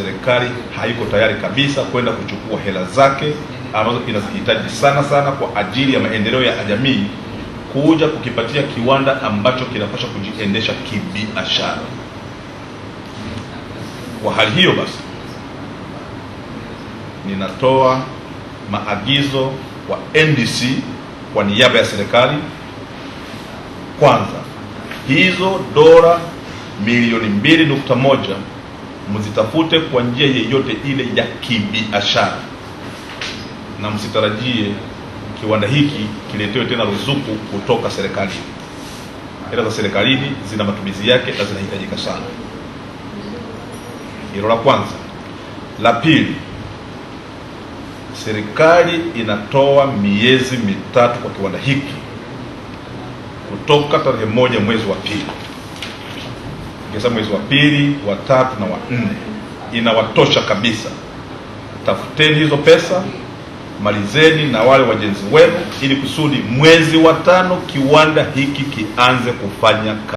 Serikali haiko tayari kabisa kwenda kuchukua hela zake ambazo inazihitaji sana sana kwa ajili ya maendeleo ya jamii, kuja kukipatia kiwanda ambacho kinapaswa kujiendesha kibiashara. Kwa hali hiyo basi, ninatoa maagizo kwa NDC kwa niaba ya serikali, kwanza hizo dola milioni mbili nukta moja mzitafute kwa njia yeyote ile ya kibiashara, na msitarajie kiwanda hiki kiletewe tena ruzuku kutoka serikalini. Hela za serikalini zina matumizi yake na zinahitajika sana. Hilo la kwanza. La pili, serikali inatoa miezi mitatu kwa kiwanda hiki kutoka tarehe moja mwezi wa pili ingeza mwezi wa pili, wa tatu na wa nne, inawatosha kabisa. Tafuteni hizo pesa, malizeni na wale wajenzi wenu, ili kusudi mwezi wa tano kiwanda hiki kianze kufanya kazi.